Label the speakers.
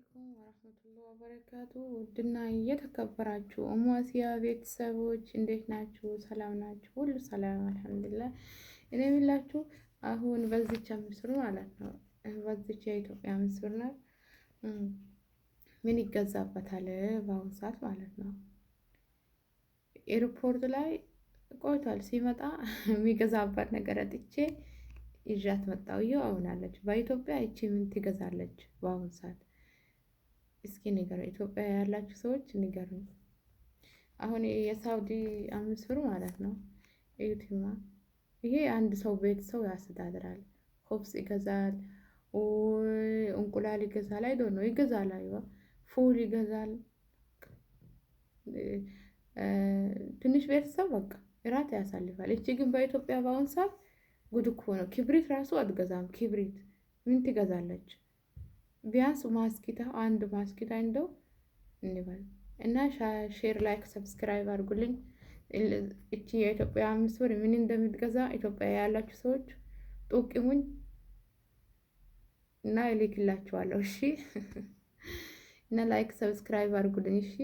Speaker 1: አለይኩም ወረህመቱላህ ወበረካቱ ውድና እየተከበራችሁ እሟሲያ ቤተሰቦች እንዴት ናችሁ? ሰላም ናችሁ? ሁሉ ሰላም አልሐምዱሊላህ። እኔ የሚላችሁ አሁን በዚች ምስሉ ማለት ነው በዚች የኢትዮጵያ ምስሉ ነው ምን ይገዛበታል በአሁኑ ሰዓት ማለት ነው። ኤርፖርት ላይ ቆይቷል ሲመጣ የሚገዛበት ነገር አጥቼ ይዣት መጣው። ይኸው አሁን አለች በኢትዮጵያ ይቺ ምን ትገዛለች በአሁኑ ሰዓት እስኪ ንገሩ፣ ኢትዮጵያ ያላችሁ ሰዎች ንገሩ። አሁን የሳውዲ አምስት ብር ማለት ነው። እዩትማ፣ ይሄ አንድ ሰው ቤት ሰው ያስተዳድራል። ሆብስ ይገዛል፣ እንቁላል ይገዛል፣ አይዶ ነው ይገዛል፣ አይዋ ፉል ይገዛል። ትንሽ ቤተሰብ በቃ እራት ያሳልፋል። እቺ ግን በኢትዮጵያ በአሁን ሰዓት ጉድ እኮ ነው። ክብሪት ራሱ አትገዛም። ክብሪት ምን ትገዛለች? ቢያንስ ማስኪታ አንድ ማስኪታ እንደው እንበል እና ሼር ላይክ ሰብስክራይብ አድርጉልኝ። እቺ የኢትዮጵያ አምስት ብር ምን እንደምትገዛ ኢትዮጵያ ያላችሁ ሰዎች ጡቂሙኝ እና እልክላችኋለሁ። እሺ እና ላይክ ሰብስክራይብ አድርጉልኝ። እሺ